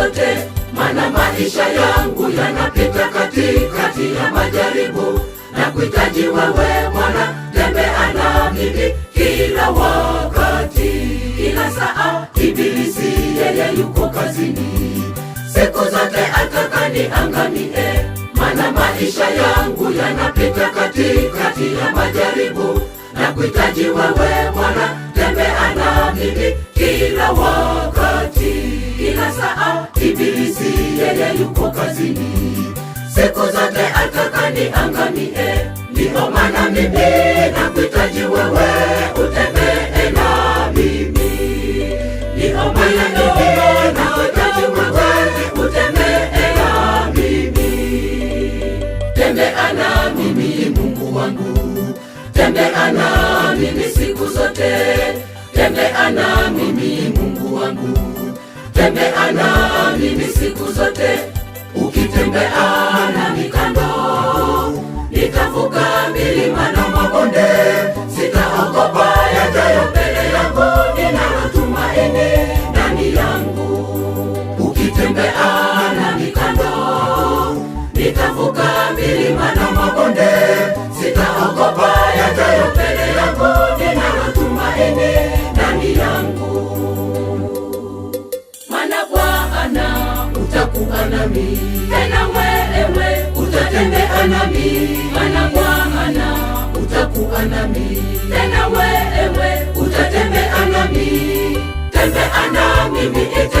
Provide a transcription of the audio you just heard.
zote, maana maisha yangu yanapita katikati ya majaribu na kuhitaji wewe Bwana, tembea mimi kila wakati, kila saa. Ibilisi yeye yuko kazini, siku zote ataka niangamie, maana maisha yangu yanapita katikati ya majaribu na kuhitaji wewe Bwana ibilisi, yeye yuko kazini siku zote, ataka niangamie. Ndiyo maana mimi nakuhitaji wewe, utembee na mimi. Ndiyo maana mimi nakuhitaji wewe, utembee na mimi. Tembea na mimi Mungu wangu, tembea na mimi siku zote, tembea na mimi Mungu wangu tembea nami siku zote ukitembea ana utakuwa nami tena, wewe utatembea nami ana kwa ana utakuwa nami tena, wewe utatembea nami, tembea nami mimi